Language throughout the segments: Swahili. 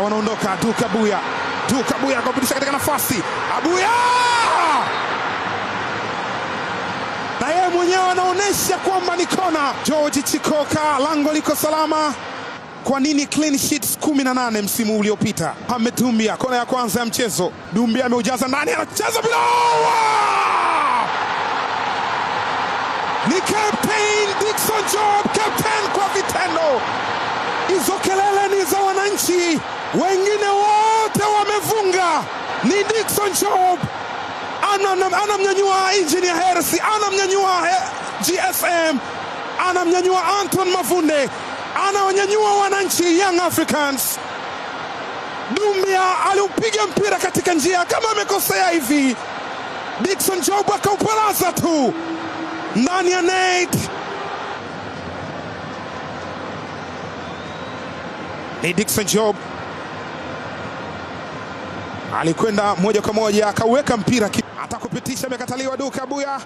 Wanaondoka Duke Abuya, Duke Abuya akapitisha katika nafasi, Abuya na yeye mwenyewe anaonyesha kwamba ni kona. George Chikoka, lango liko salama. Kwa nini clean sheets 18 msimu uliopita? Mohamed Dumbia, kona ya kwanza ya mchezo. Dumbia ameujaza ndani, anacheza bila, ni captain Dickson Job, captain wengine wote wamefunga. Ni Dickson Job anamnyanyua Engineer Hersi, anamnyanyua GSM, anamnyanyua Anton Mavunde, anawanyanyua wananchi Young Africans. Dumia aliupiga mpira katika njia kama amekosea hivi, Dickson Job akaupalaza tu ndani ya net. Ni Dickson Job alikwenda moja kwa moja akaweka mpira, atakupitisha, amekataliwa. Duka Abuya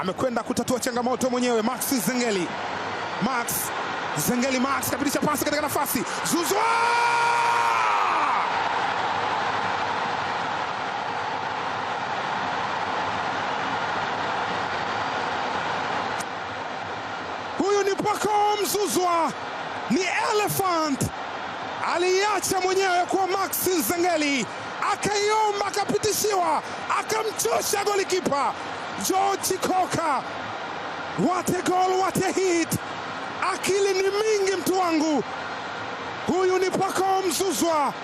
amekwenda kutatua changamoto mwenyewe. Max Zengeli, Max Zengeli, Max kapitisha pasi katika nafasi Zuzwa huyu ni Pako Mzuzwa ni elephant aliacha mwenyewe kwa max Zengeli akaiomba akapitishiwa, akamchosha golikipa George Koka. What a goal, what a hit! Akili ni mingi mtu wangu, huyu ni Pakao Mzuzwa.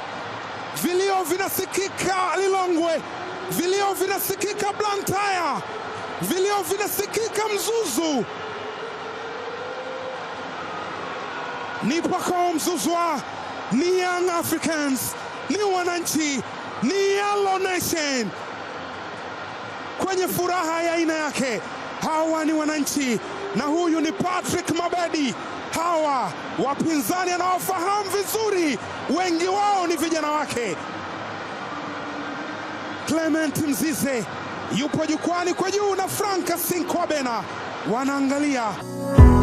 Vilio vinasikika Lilongwe, vilio vinasikika Blantyre, vilio vinasikika Mzuzu. Ni Pakao Mzuzwa, ni Young Africans, ni wananchi ni Yellow Nation kwenye furaha ya aina yake. Hawa ni wananchi na huyu ni Patrick Mabedi. Hawa wapinzani anawafahamu vizuri, wengi wao ni vijana wake. Clement Mzize yupo jukwani kwa juu na Franka Sinkwabena wanaangalia